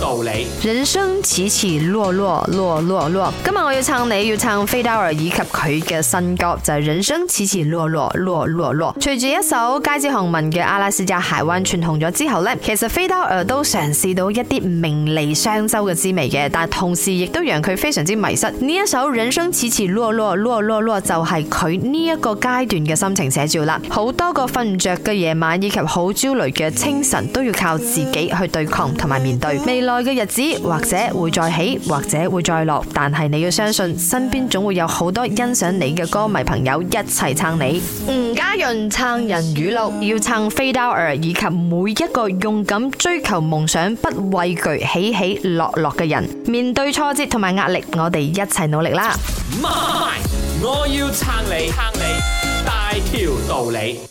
道理，就係，人生起起落落落落落。今日我要撐你，要撐菲道爾以及佢嘅新歌，就係人生起起落落落落落，落。隨住一首街知巷聞嘅阿拉斯加海灣串紅咗之後呢，其實菲道爾都嘗試到一啲名利雙收嘅滋味嘅，但同時亦都讓佢非常之迷失。呢一首人生起起落落落落落就係佢呢一個階段嘅心情寫照啦。好多個瞓唔着嘅夜晚，以及好焦慮嘅清晨，都要靠自己去對抗同埋面對。內嘅日子，或者會再起，或者會再落，但係你要相信，身邊總會有好多欣賞你嘅歌迷朋友一齊撐你。吳家潤撐人語錄，要撐菲道爾，以及每一個勇敢追求夢想、不畏懼起起落落嘅人。面對挫折同埋壓力，我哋一齊努力啦！My. 我要撐你，撐你，大條道理。